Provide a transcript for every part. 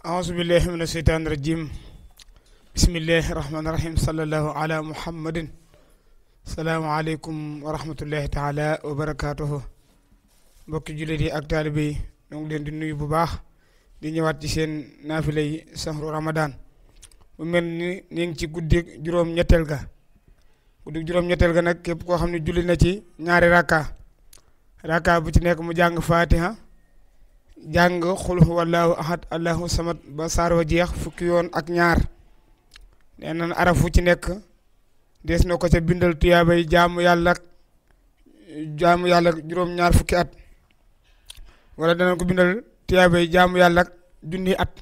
ahousubillahi min asheytaan irajim bismillahi rahmanirahim salallahu ala muhammadin salaamaaleykum wa rahmatullahi taala wa barakaatuhu mbokki jullit yi ak taalibe ngi leen di nuyu bu baax di ñëwaat ci seen naafila yi ramadan mu mel ni ñu ci guddi juróom-ñetteel ga guddi juróom-ñetteel ga nag képp koo xam ne julli na ci ñaari raka raka bu ci nekk mu jàng fatiha jàng xul huwallaahu ahad allahu samad ba saar wa jeex fukki yoon ak ñaar nee nan arafu ci nekk des na ko ca bindal tuyaabay jaamu yàlla jaamu yàlla juróom-ñaar fukki at wala dana ko bindal tuyaabay jaamu yàlla junni at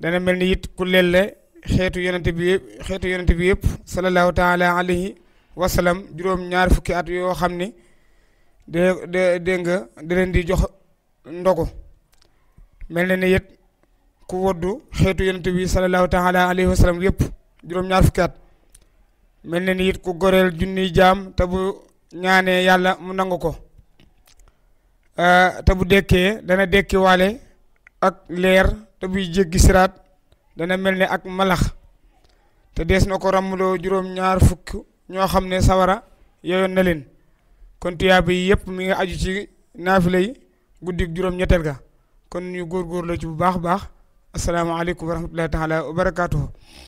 dana mel ni it ku lelle xeetu yonente bi yëpp xeetu yonente bi alayhi wa juróom-ñaar fukki at yoo xam ne de de dégg nga leen di jox ndogu mel na ni it ku woddu xeetu yonent bi sallallahu taala alayhi wa sallam yëpp juróom-ñaar fukki at mel na ni it ku goreel junniy jaam te bu ñaanee yàlla mu nangu ko eh, te bu dekkee dana dekki ak leer te bu jéggi siraat dana mel ne ak malax te des na ko ràmmloo juróom-ñaar fukk ñoo xam ne sawara yooyoon na leen kon tuyaa bi yëpp mi ngi aju ci naafile guddig juróom-ñetteel ga kon ñu góorgóorlu ci bu baax a baax asalaamaaleykum wa rahmatullahi taala wa barakaatuhu